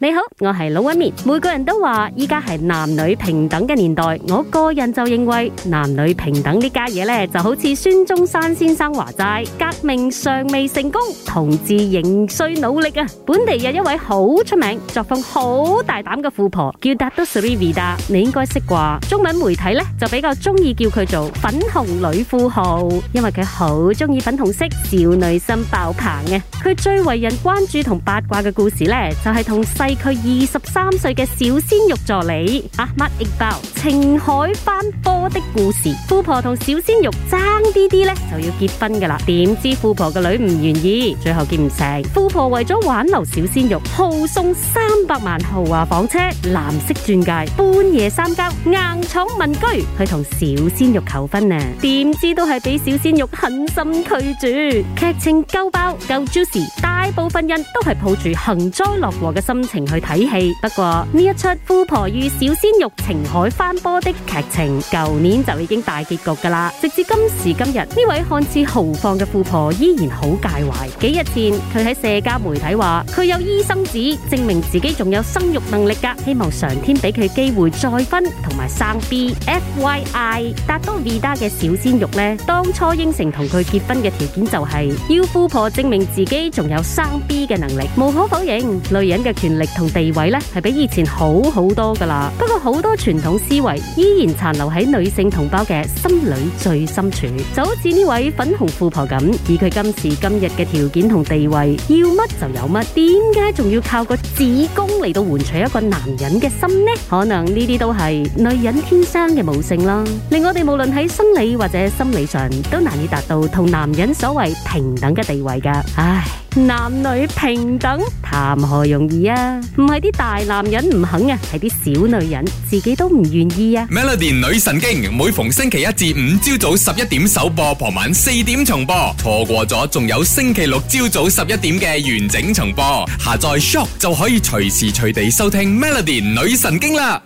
你好，我係龍紋敏。每個人都話依家係男女平等嘅年代，我個人就認為男女平等這家呢家嘢咧，就好似孫中山先生話齋：革命尚未成功，同志仍需努力啊！本地有一位好出名、作風好大膽嘅富婆，叫 Dato Sri Vida，你應該識啩？中文媒體咧就比較中意叫佢做粉紅女富豪，因為佢好中意粉紅色，少女心爆棚嘅啊。佢最為人關注同八卦嘅故事咧，就係同。係佢二十三歲嘅小鮮肉助理啊，乜亦爆情海翻波的故事，富婆同小鮮肉爭啲啲咧就要結婚噶啦，點知富婆嘅女唔願意，最後結唔成，富婆為咗挽留小鮮肉，豪送三百萬豪華房車、藍色鑽戒、半夜三更硬闖民居去同小鮮肉求婚呢，點知都係俾小鮮肉狠心拒絕，劇情夠爆夠 juicy。大部分人都係抱住幸災樂禍嘅心情去睇戲，不過呢一出富婆與小鮮肉情海翻波的劇情，舊年就已經大結局噶啦。直至今時今日，呢位看似豪放嘅富婆依然好介懷。幾日前，佢喺社交媒體話，佢有醫生紙證明自己仲有生育能力噶，希望上天俾佢機會再婚同埋生 B。F.Y.I. 達到 Vida 嘅小鮮肉呢，當初應承同佢結婚嘅條件就係、是、要富婆證明自己仲有。生 B 嘅能力，無可否認，女人嘅權力同地位咧係比以前好好多噶啦。不過好多傳統思維依然殘留喺女性同胞嘅心裏最深處，就好似呢位粉紅富婆咁。以佢今時今日嘅條件同地位，要乜就有乜，點解仲要靠個子宮嚟到換取一個男人嘅心呢？可能呢啲都係女人天生嘅母性啦，令我哋無論喺生理或者心理上都難以達到同男人所謂平等嘅地位噶。唉。男女平等，談何容易啊！唔係啲大男人唔肯啊，係啲小女人自己都唔願意啊。Melody 女神經，每逢星期一至五朝早十一點首播，傍晚四點重播，錯過咗仲有星期六朝早十一點嘅完整重播。下載 Shop 就可以隨時隨地收聽 Melody 女神經啦。